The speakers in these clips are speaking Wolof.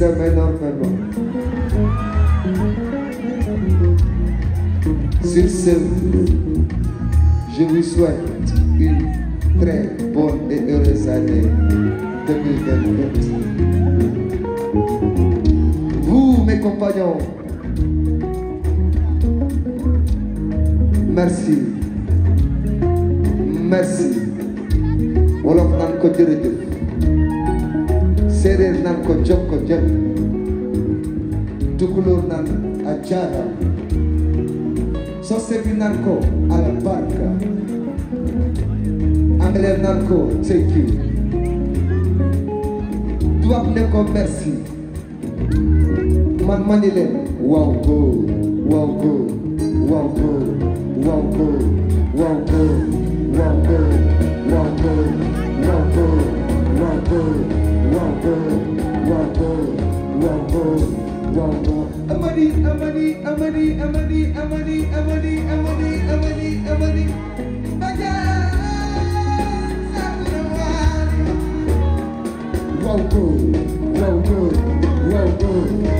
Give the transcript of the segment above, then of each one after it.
izlemeyi Sosek narco à la barca. Anglais narco, take you. Tubaab ne ko merci. man mani leen. waaw góor Amadi, Amadi, Amadi, Amadi, Amadi, Amadi, Amadi, Amadi, Amadi, Wow, good, wow, good, wow, good.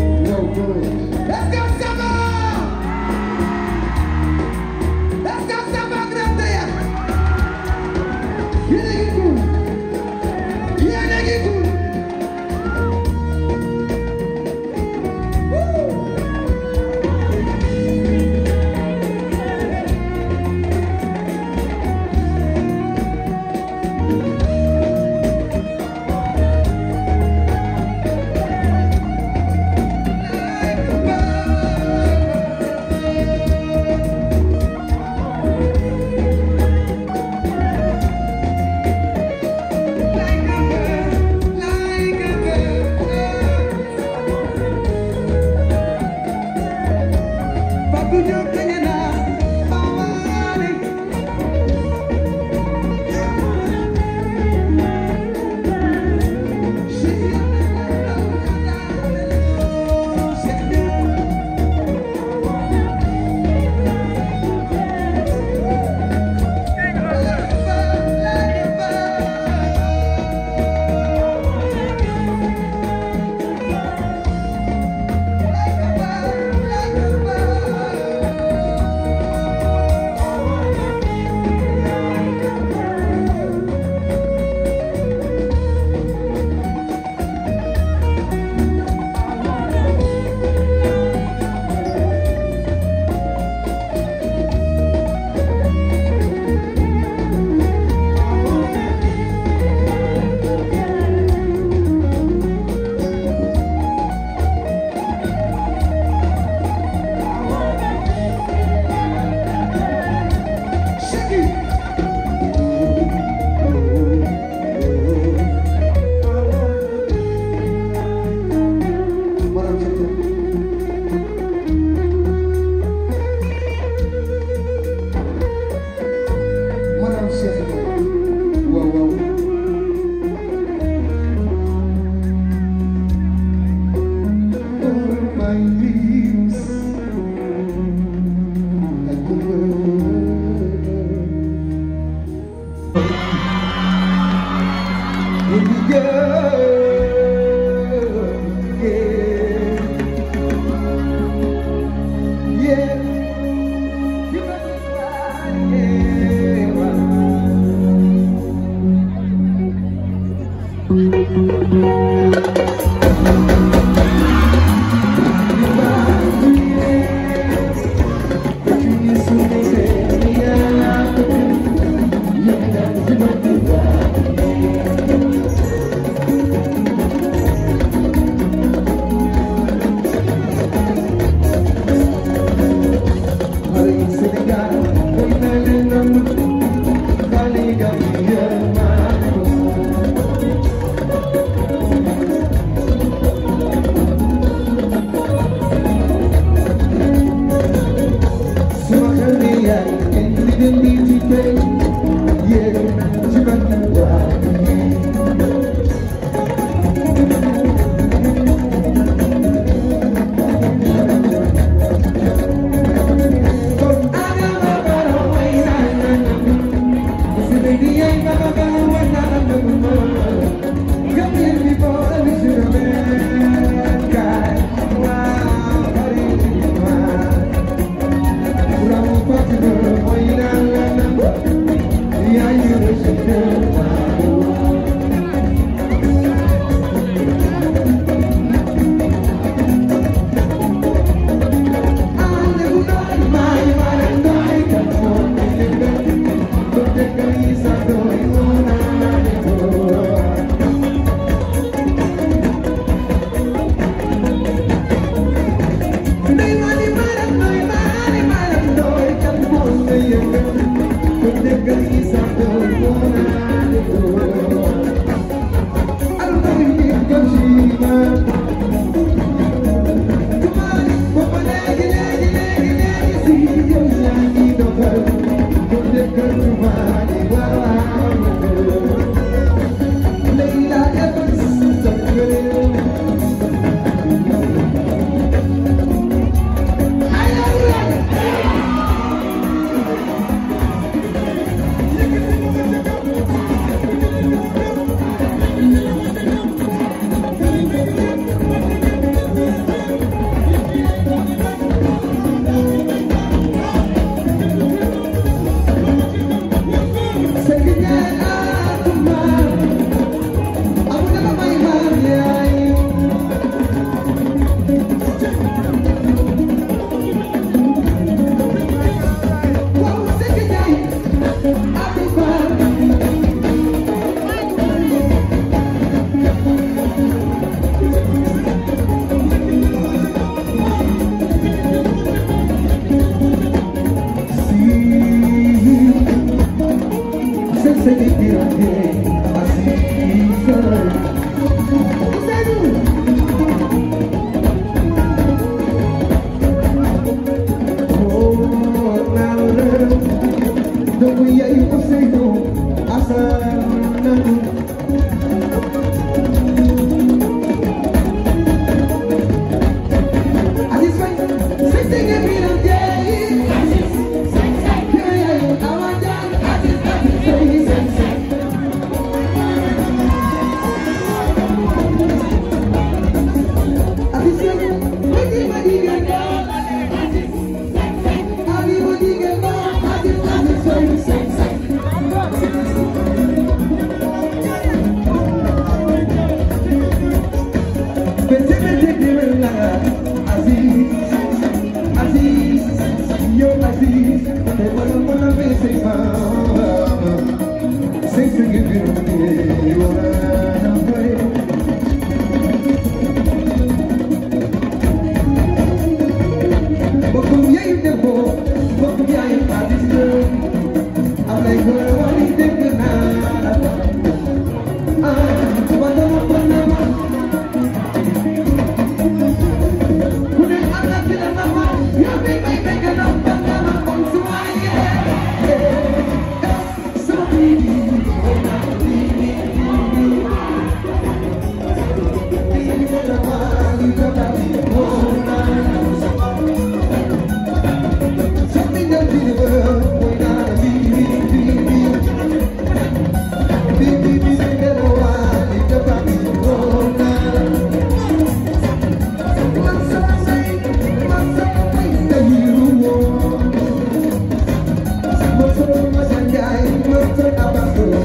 Mama Sanjay, Mama Abba,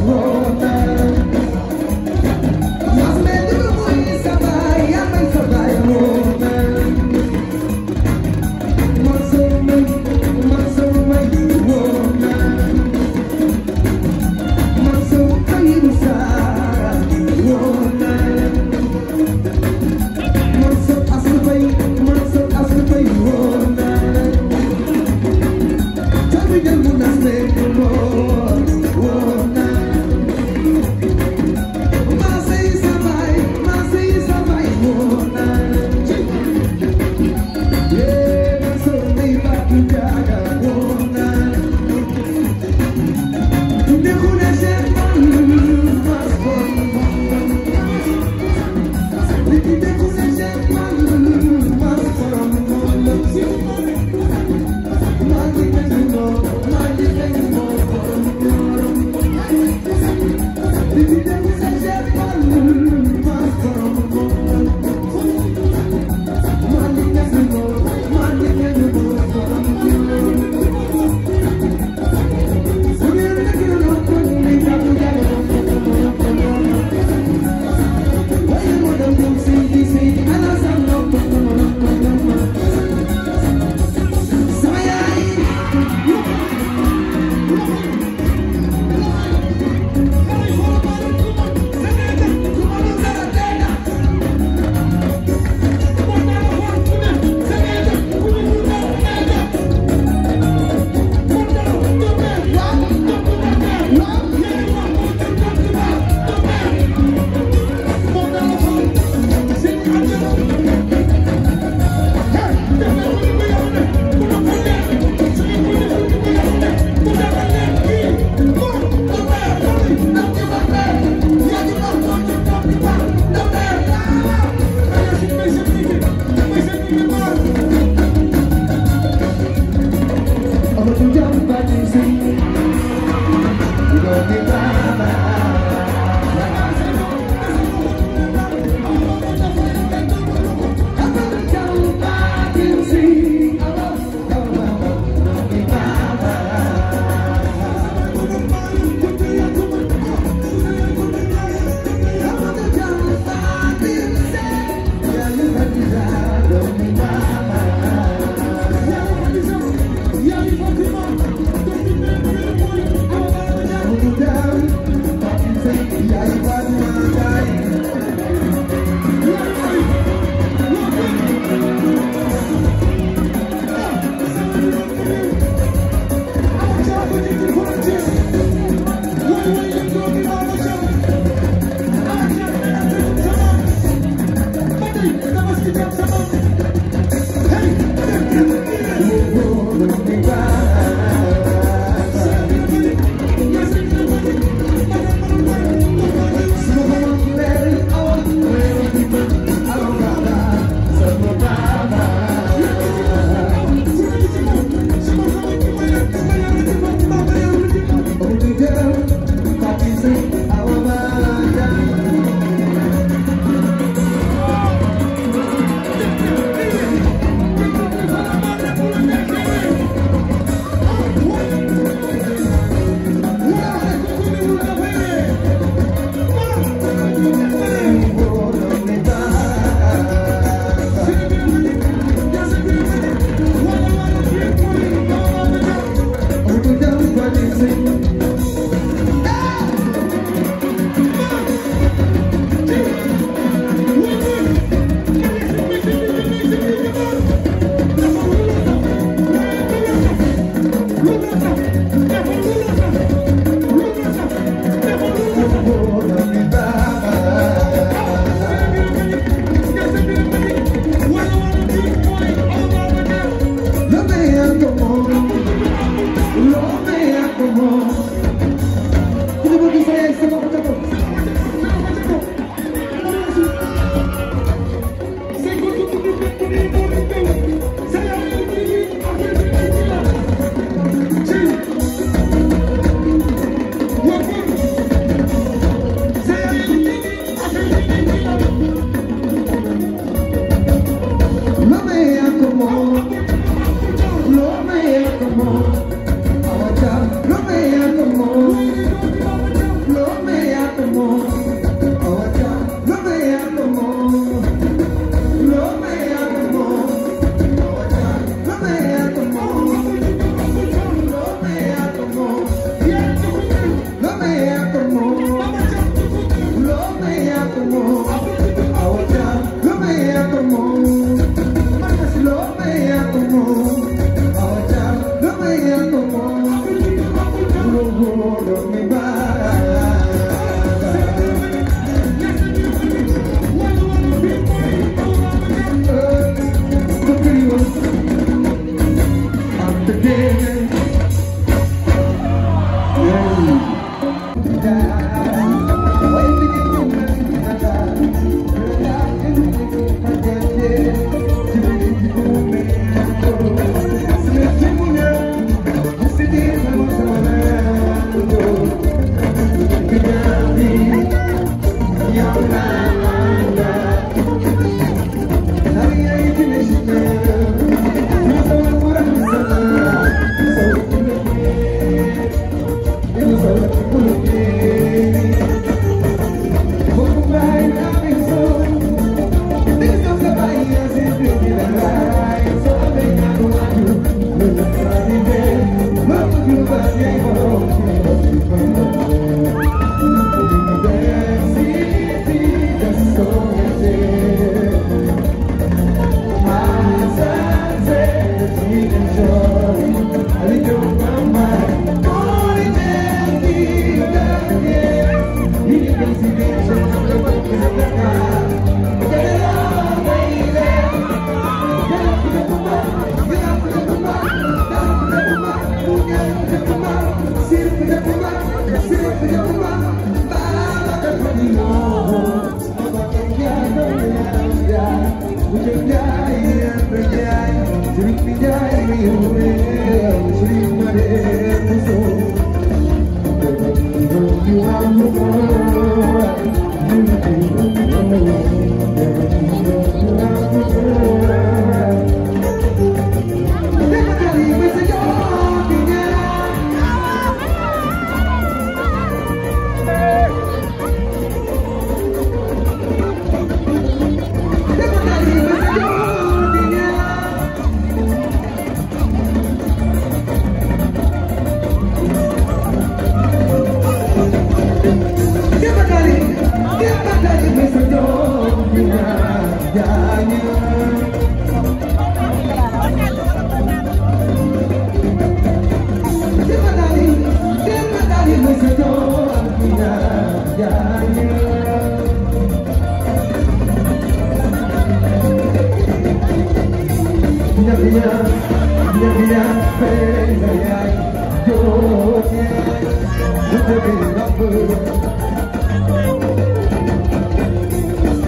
Mama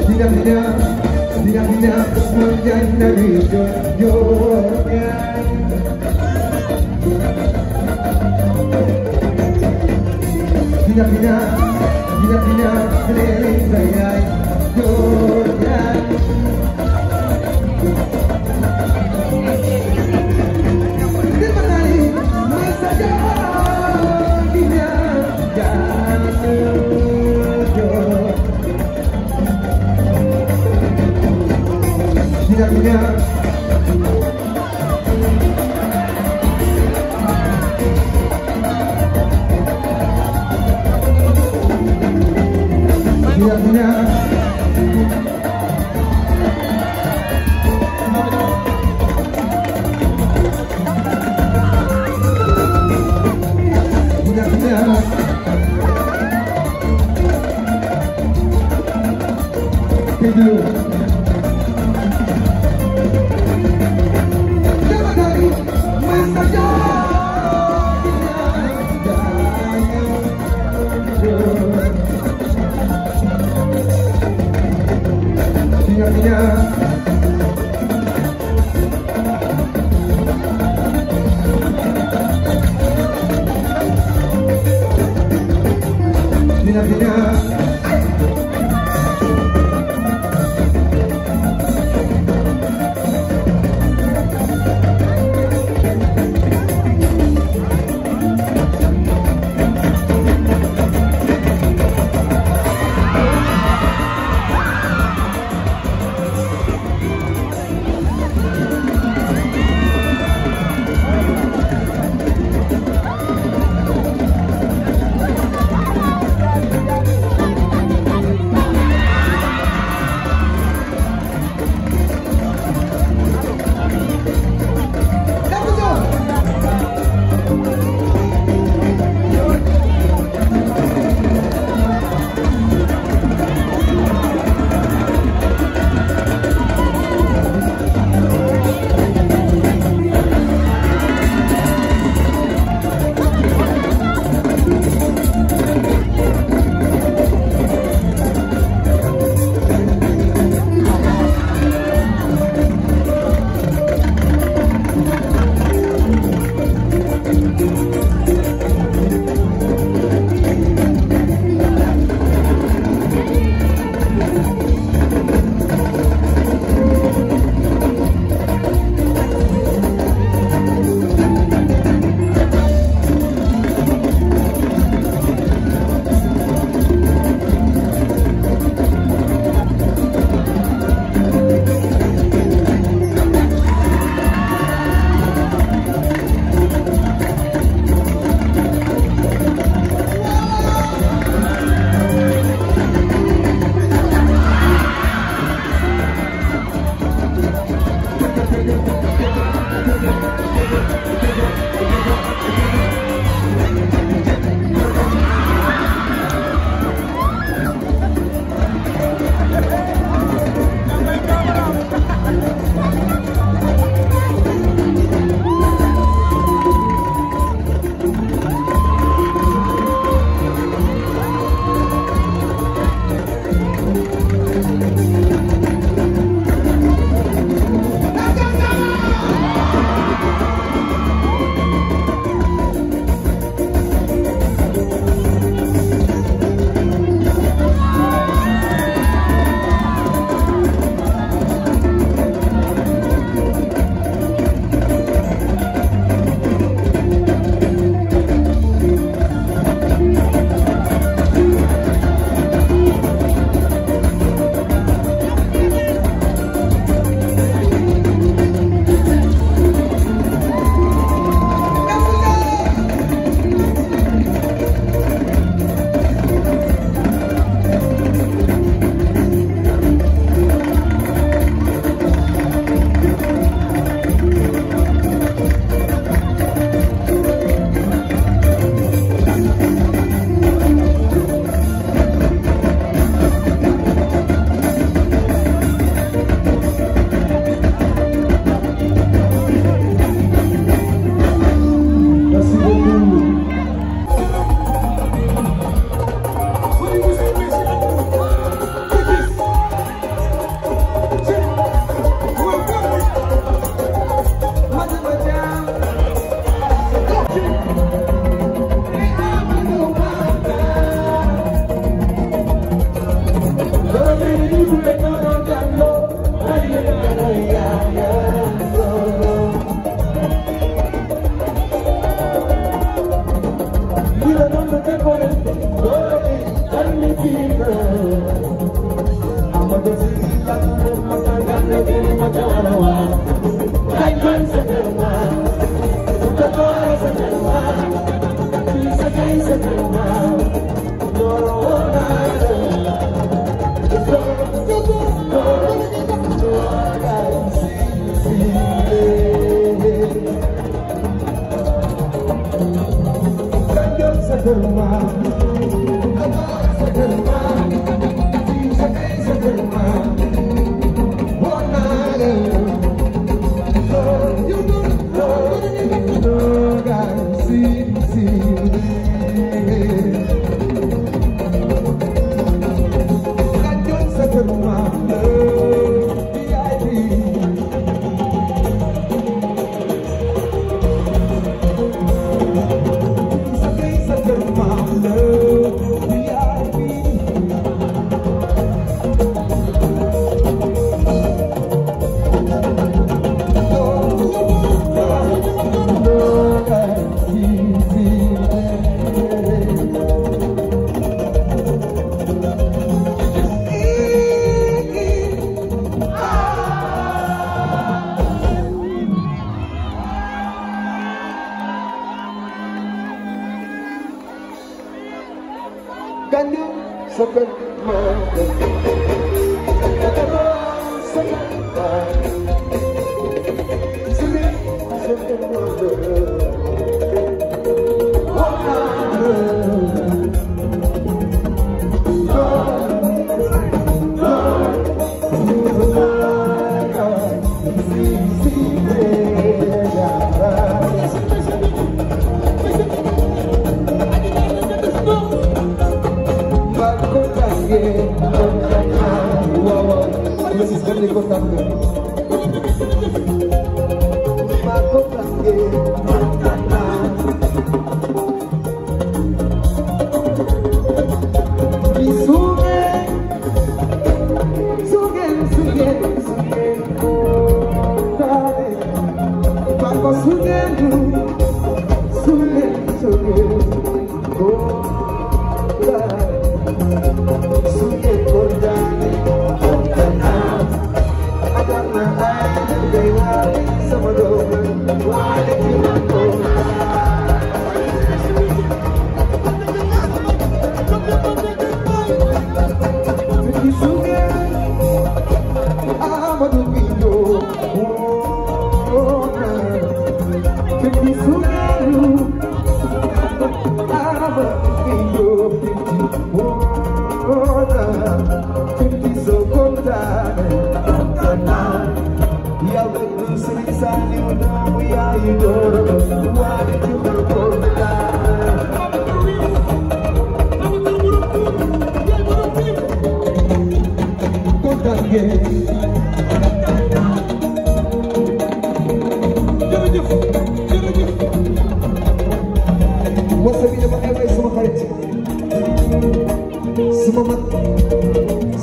Bina bina, bina bina, bina bina, bina bina,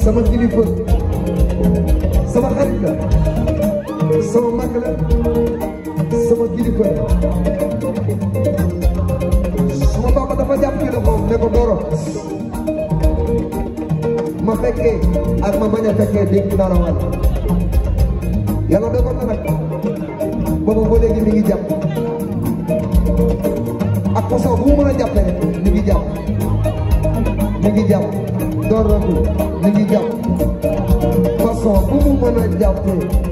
sama kilifa sama xarit la sama mag la ak ma bañ a fekkee dégg naa la waay yàlla dogal na nag boobu ba léegi mi ngi jàpp ak posaw bu mu mën a jàppee mi ngi jàpp mi ngi jàpp door na mi ngi jàpp façon bu a jàppee.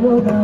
Hello,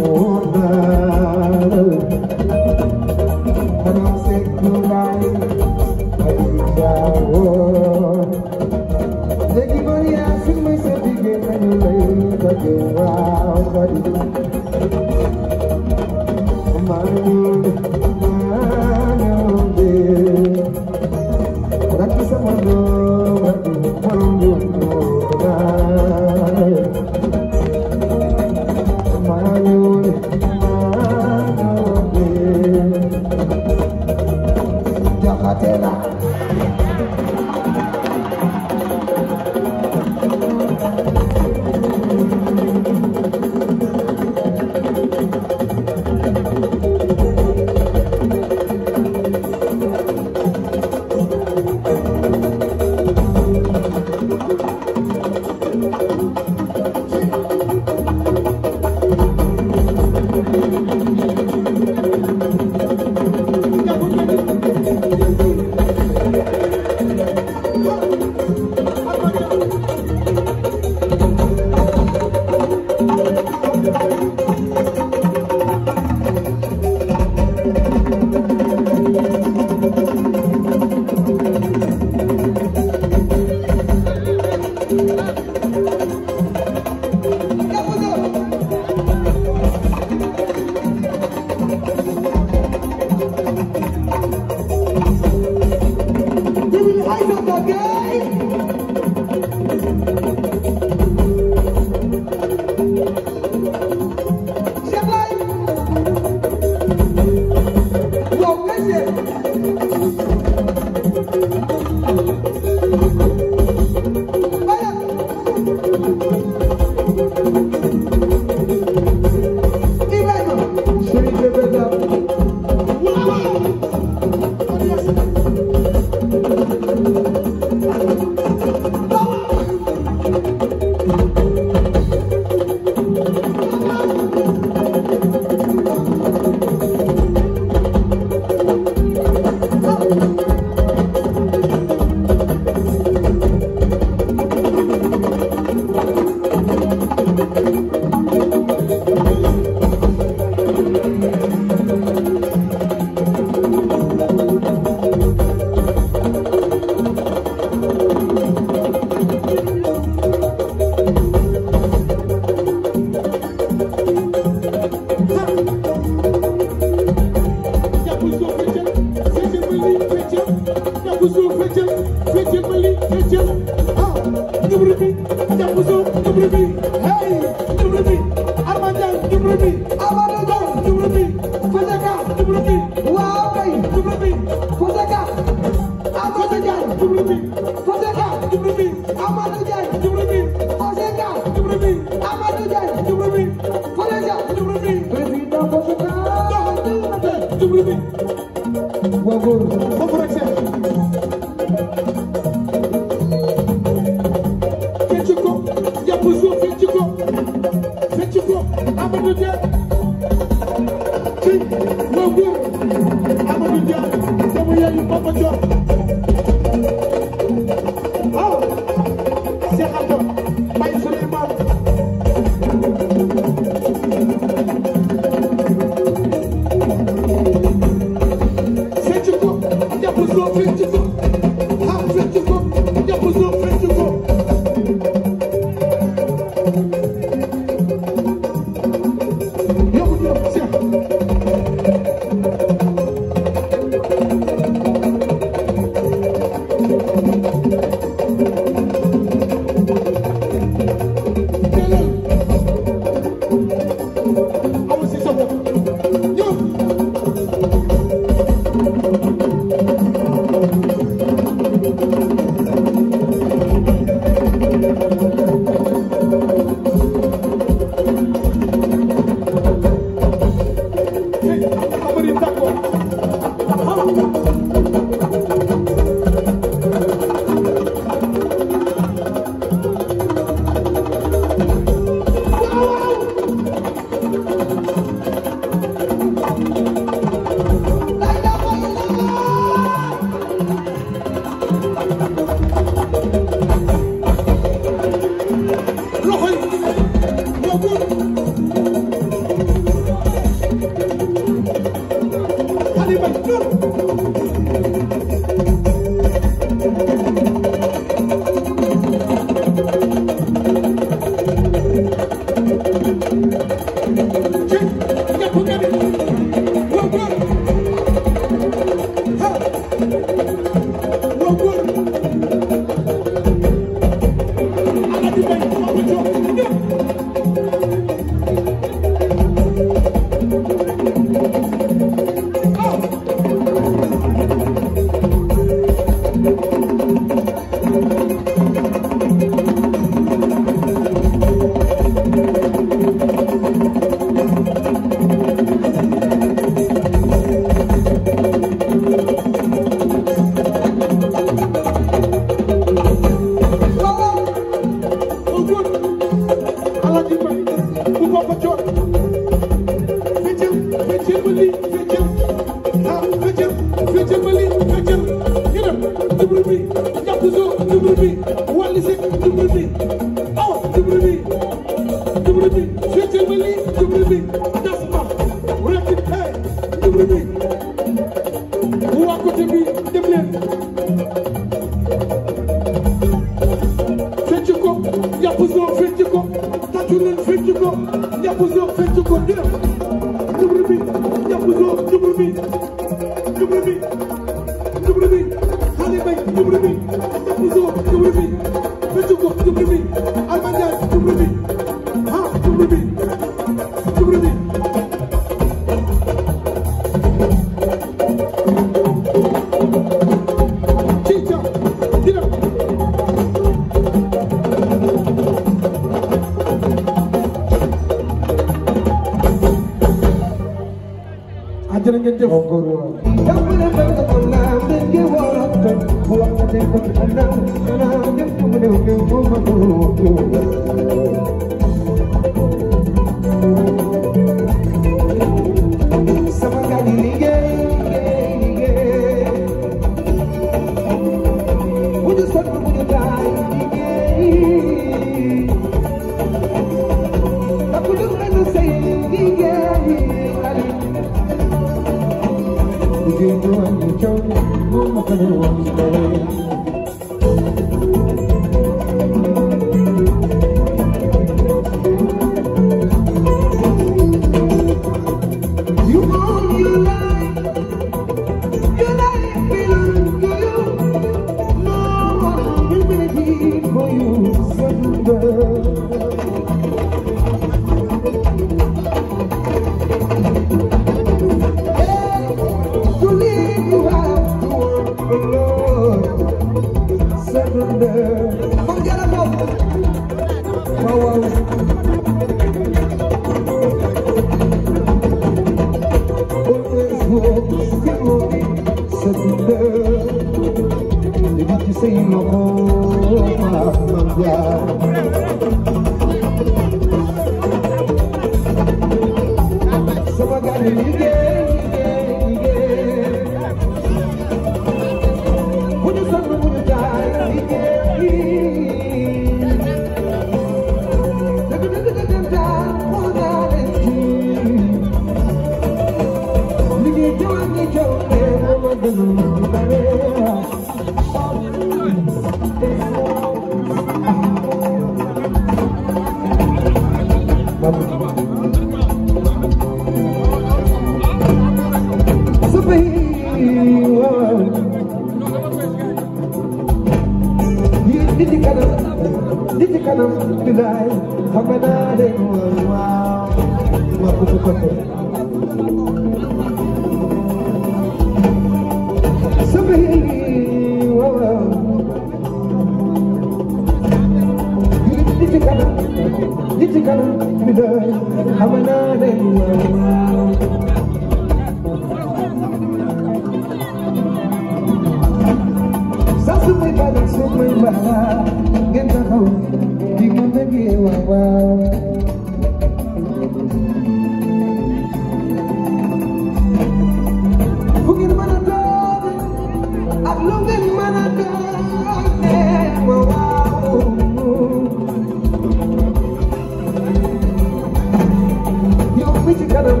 kanam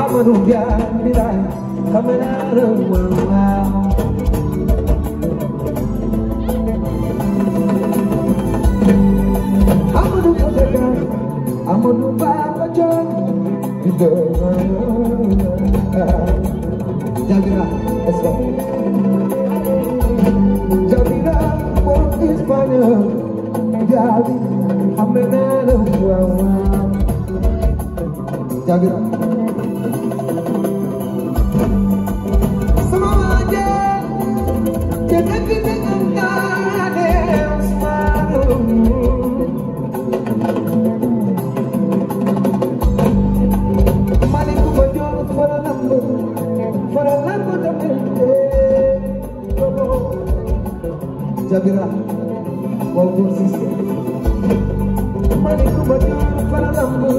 Amadou Ndiaye bi daal xam naa la waaw Amadou Koseka Amadou Baba John bi dëgg Jabira Esfa Jabira borom Espagne Jabi xam naa la waaw jagir sama waaje te dëgg dëggantaane Ousmane jabira wal kursi mani kuma jaa fara lambu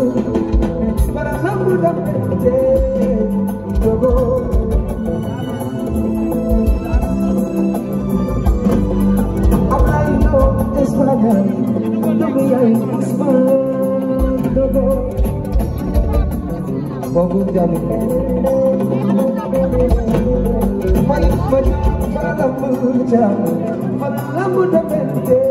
But I'm a good job, but I'm a good job.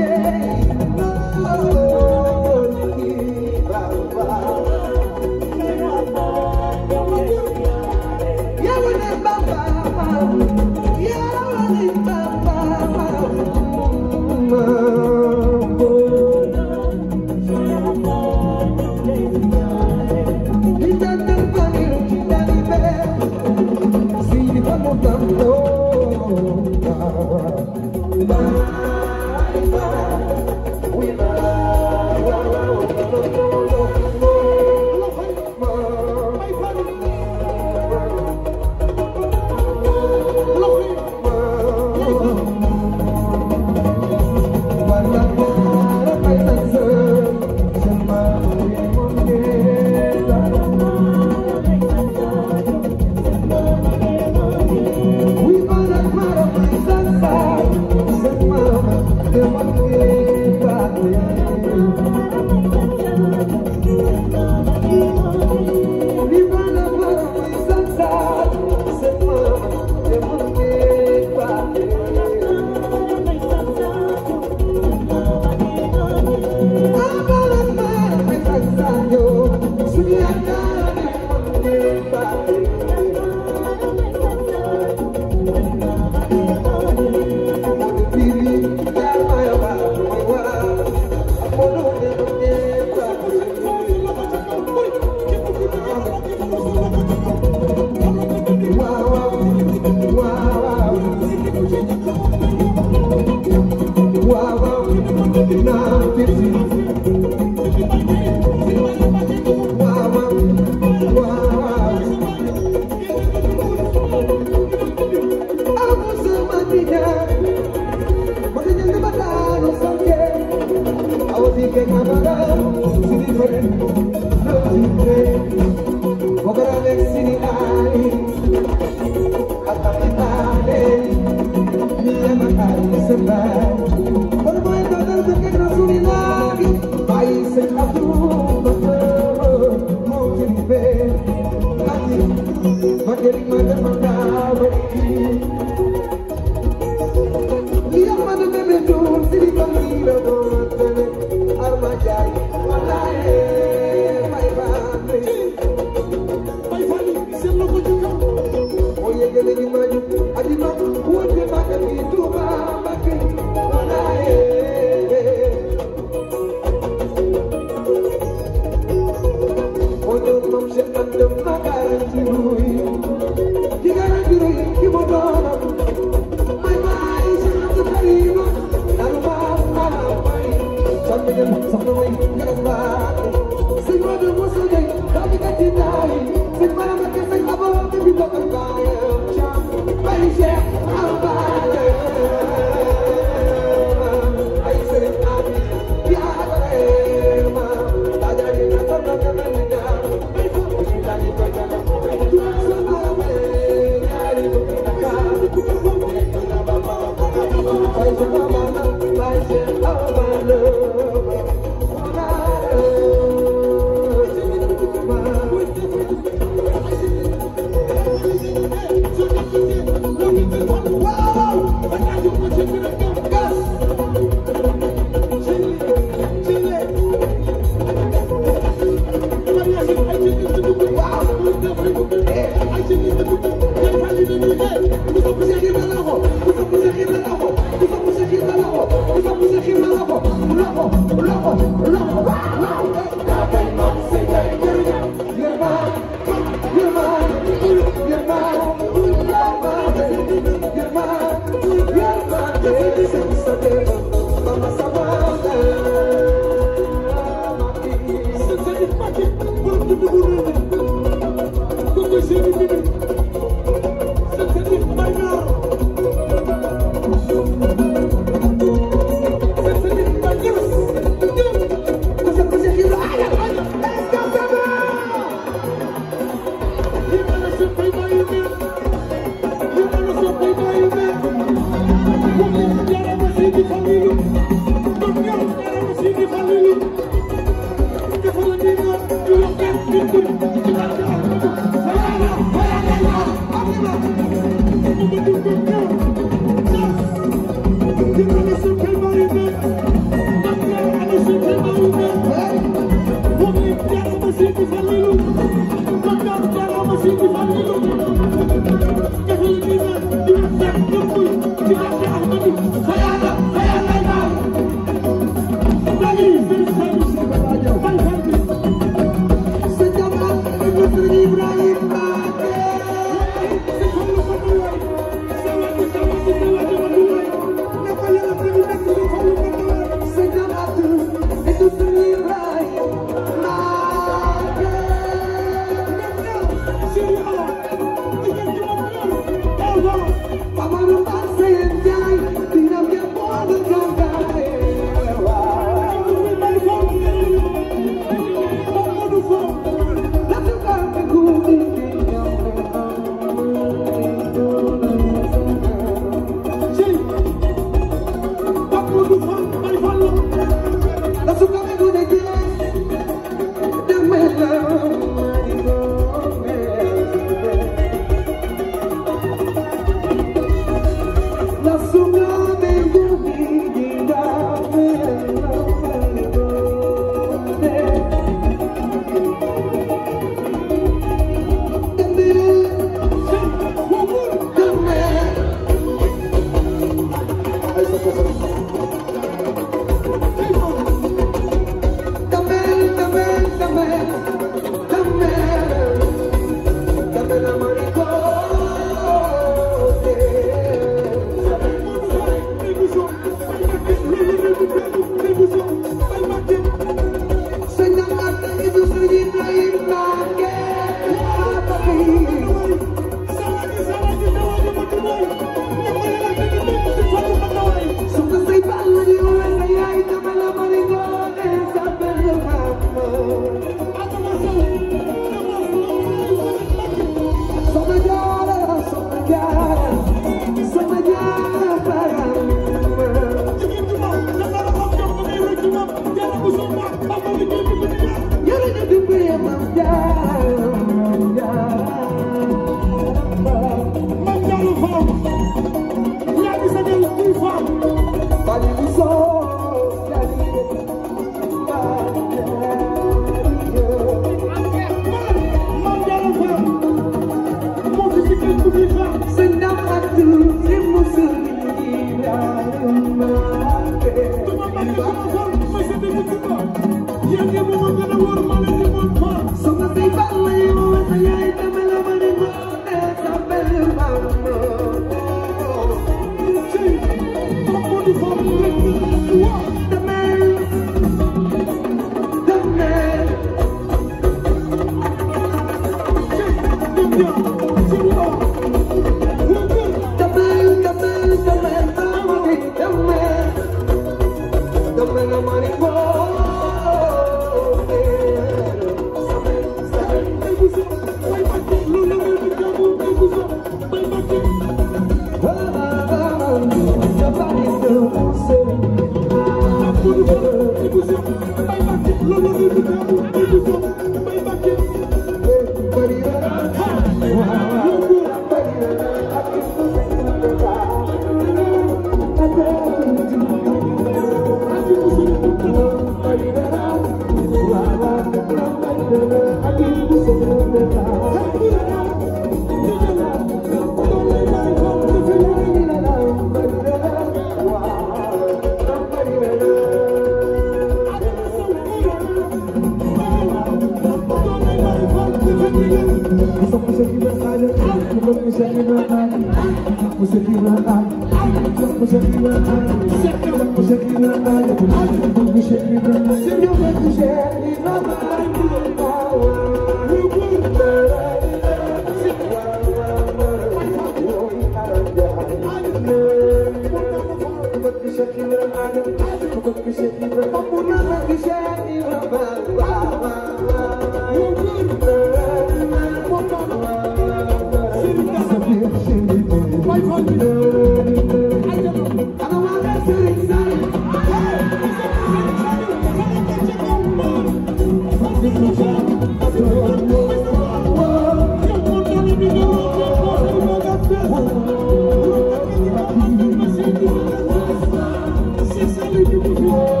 Thank you.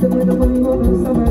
Te puedo conmigo, bésame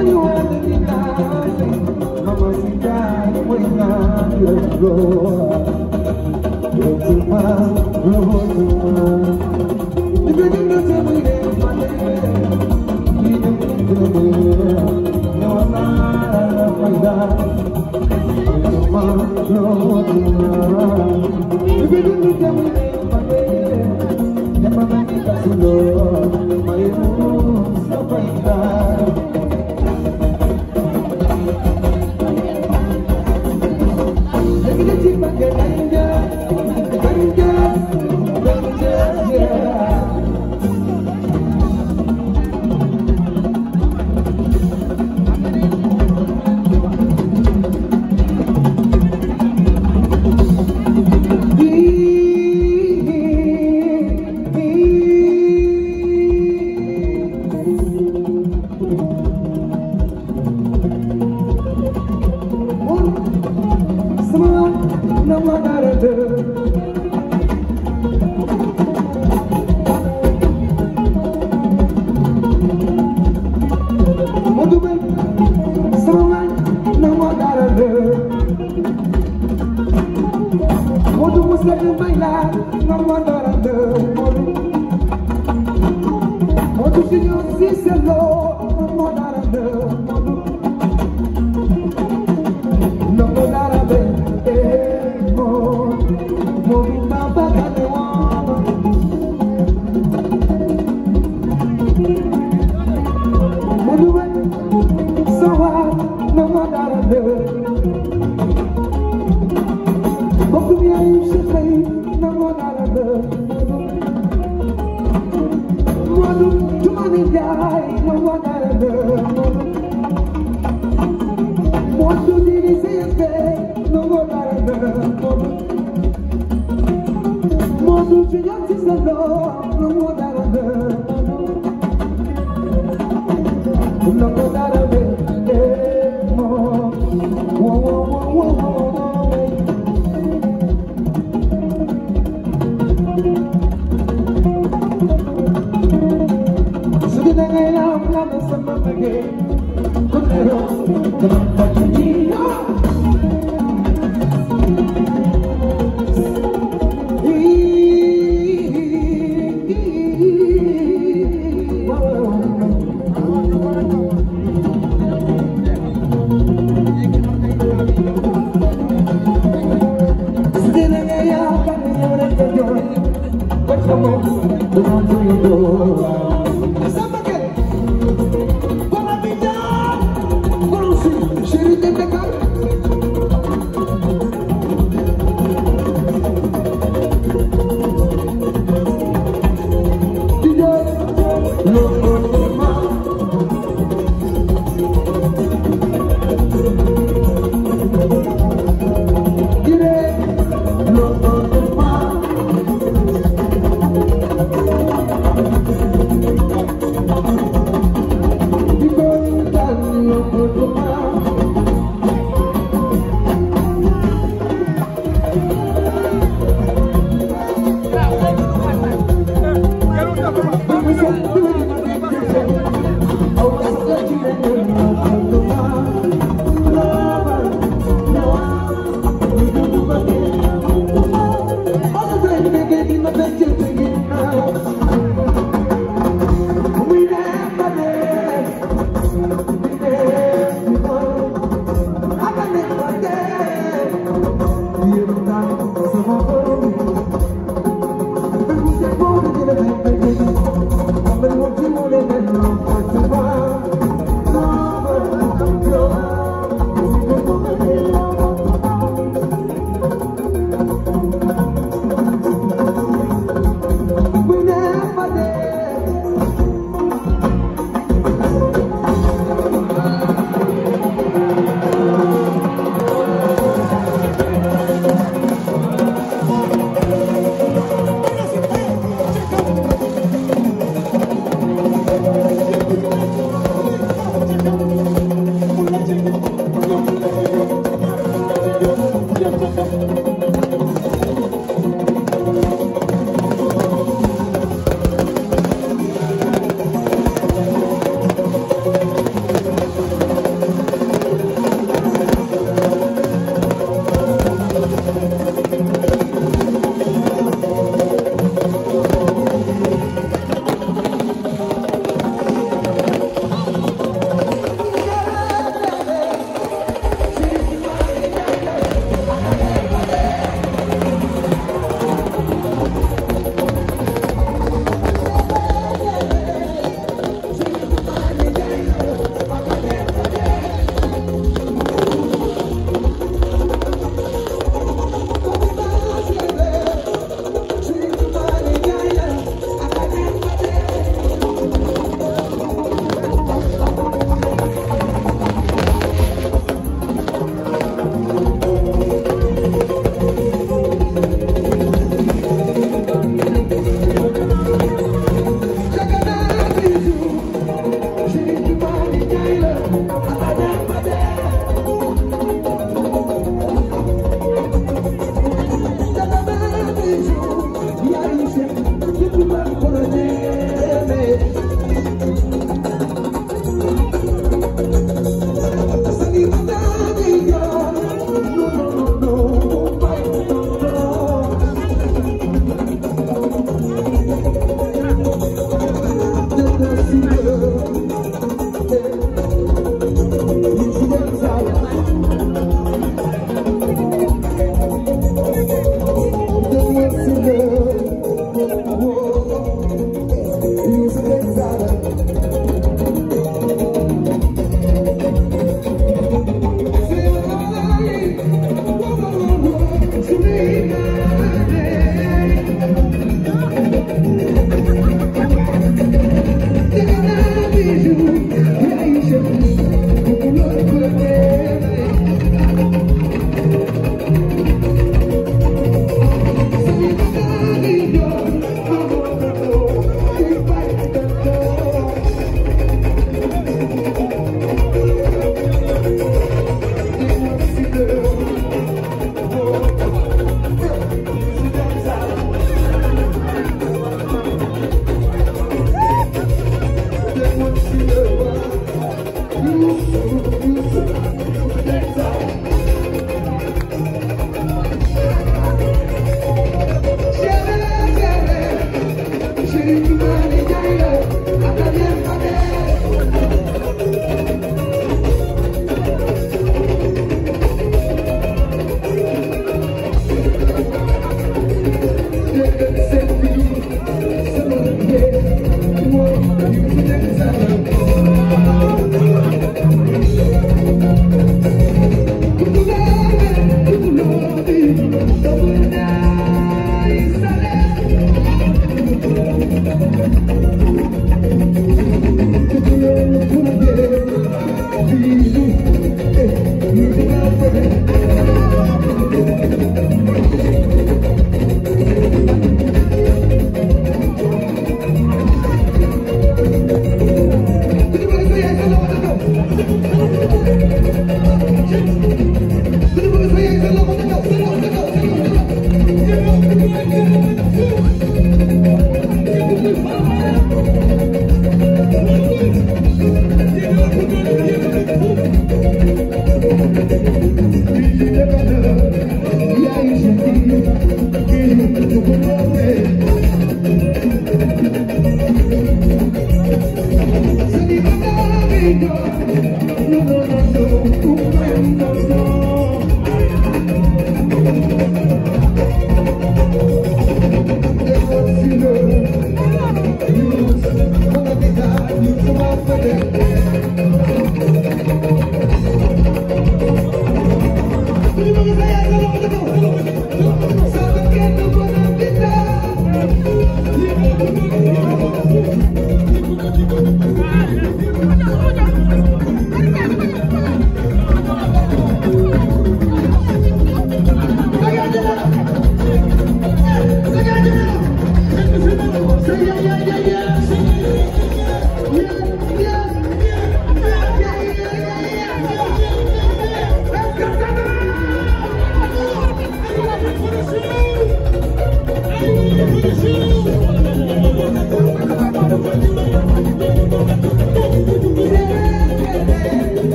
Never mind, that's the Lord, my room, so bright.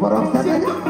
Borom Sénégal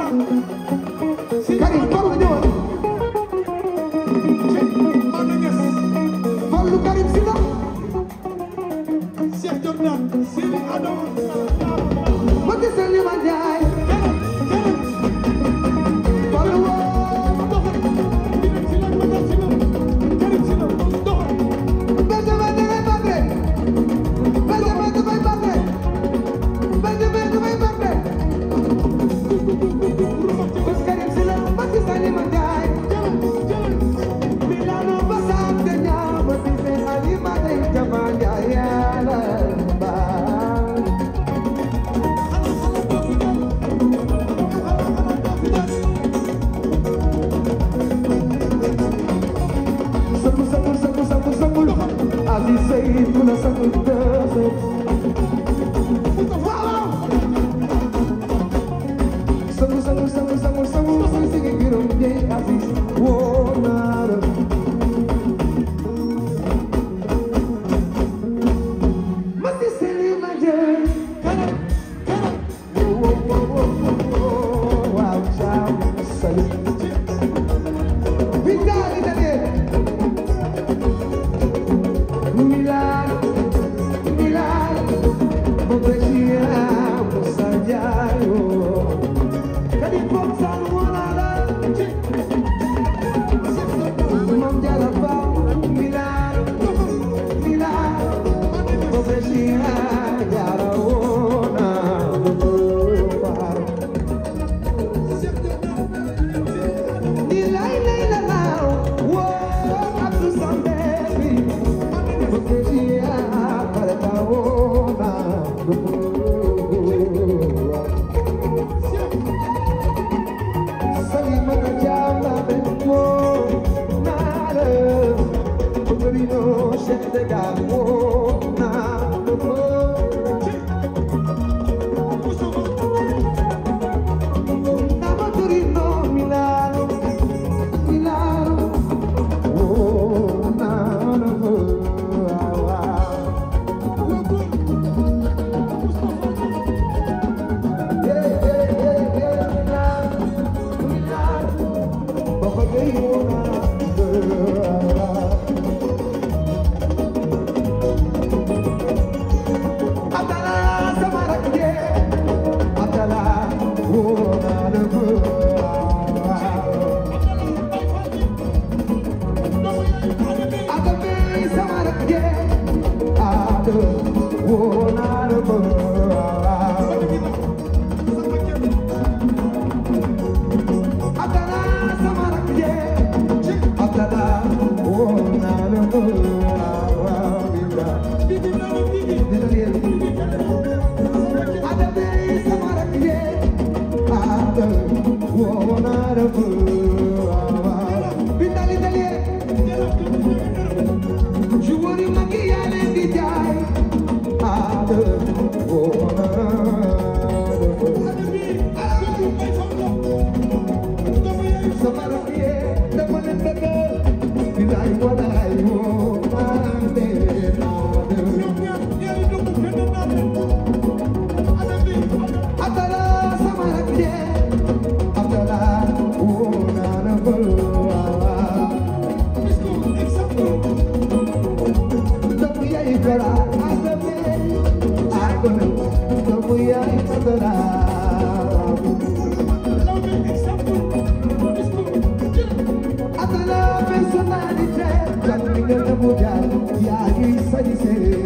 fallecer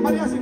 Maria Sy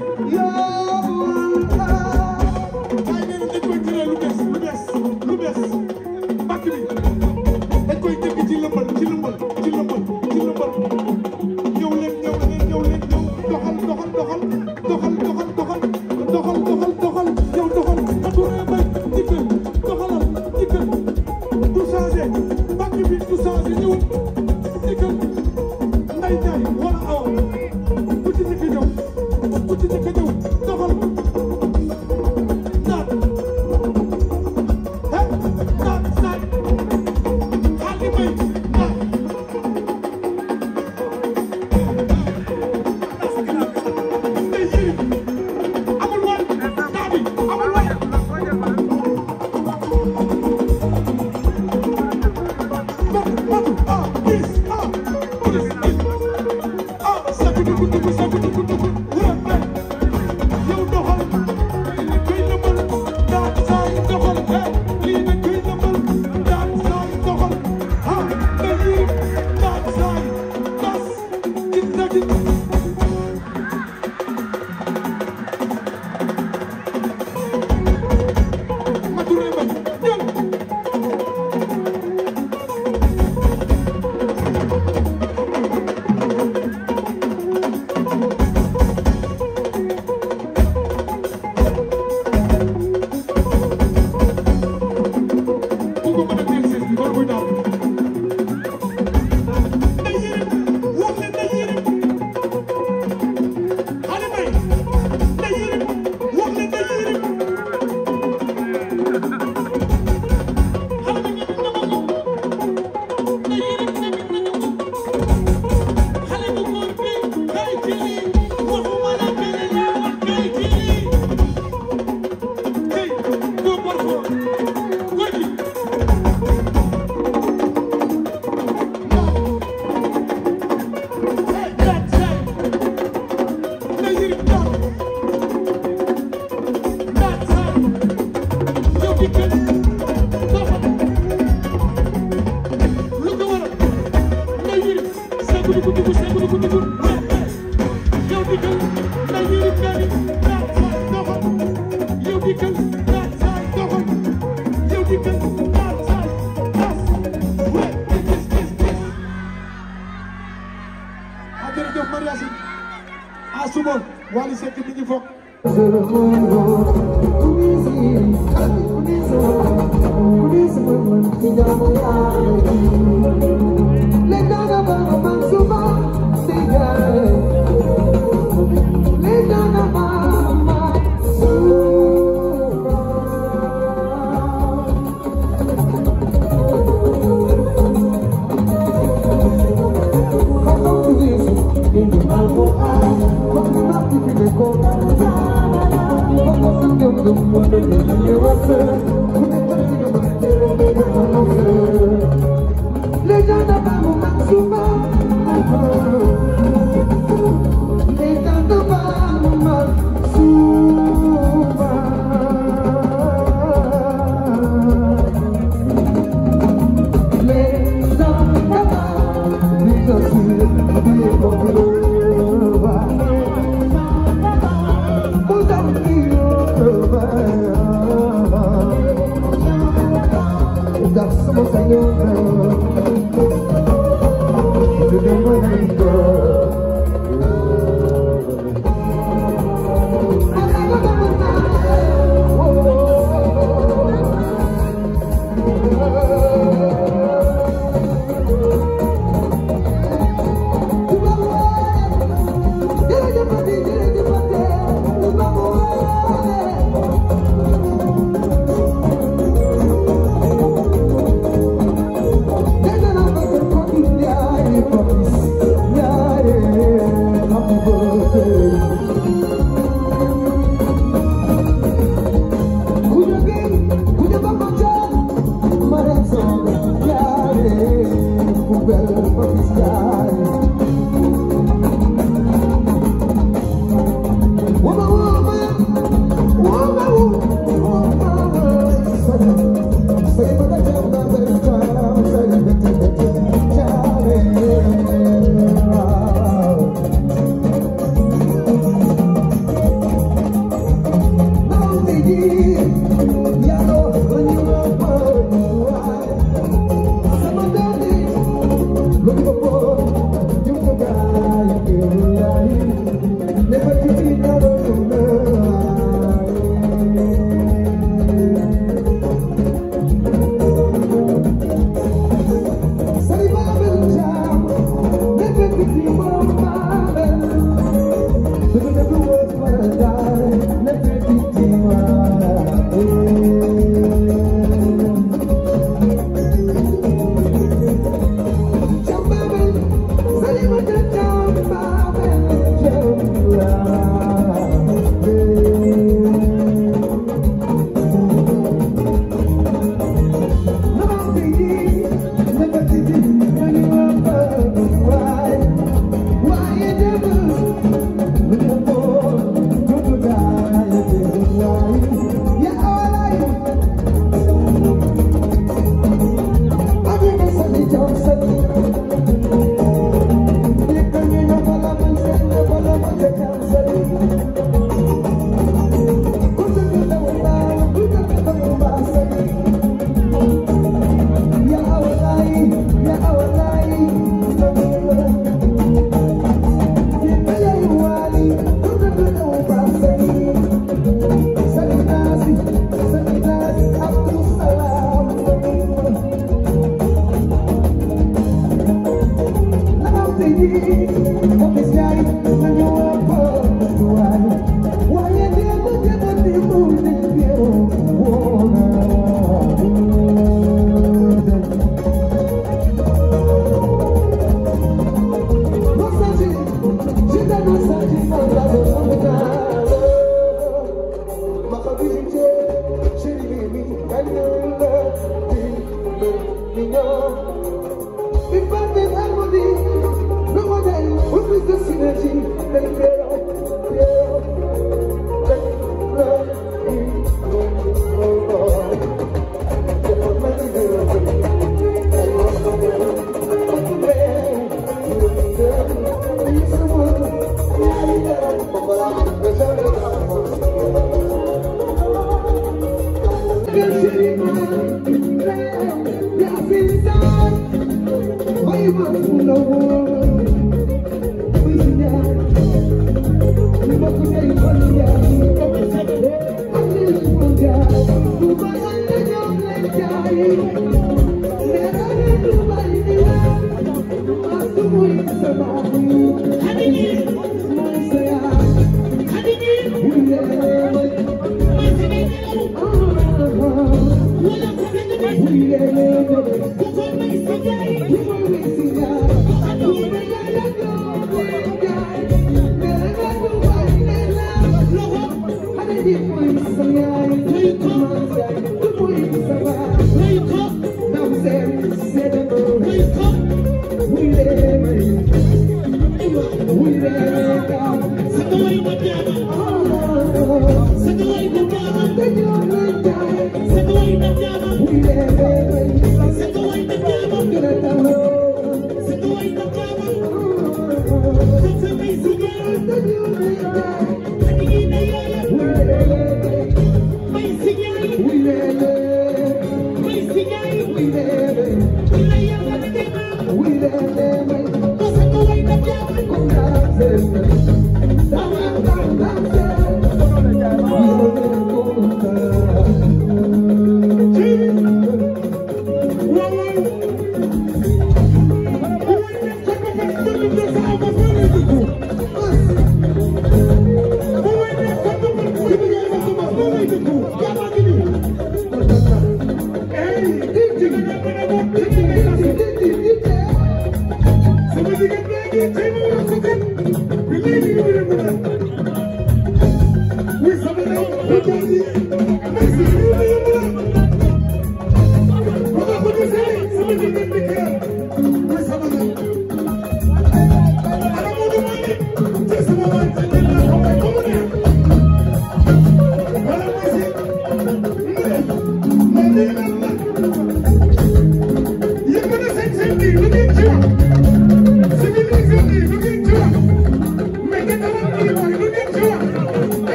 Yeah,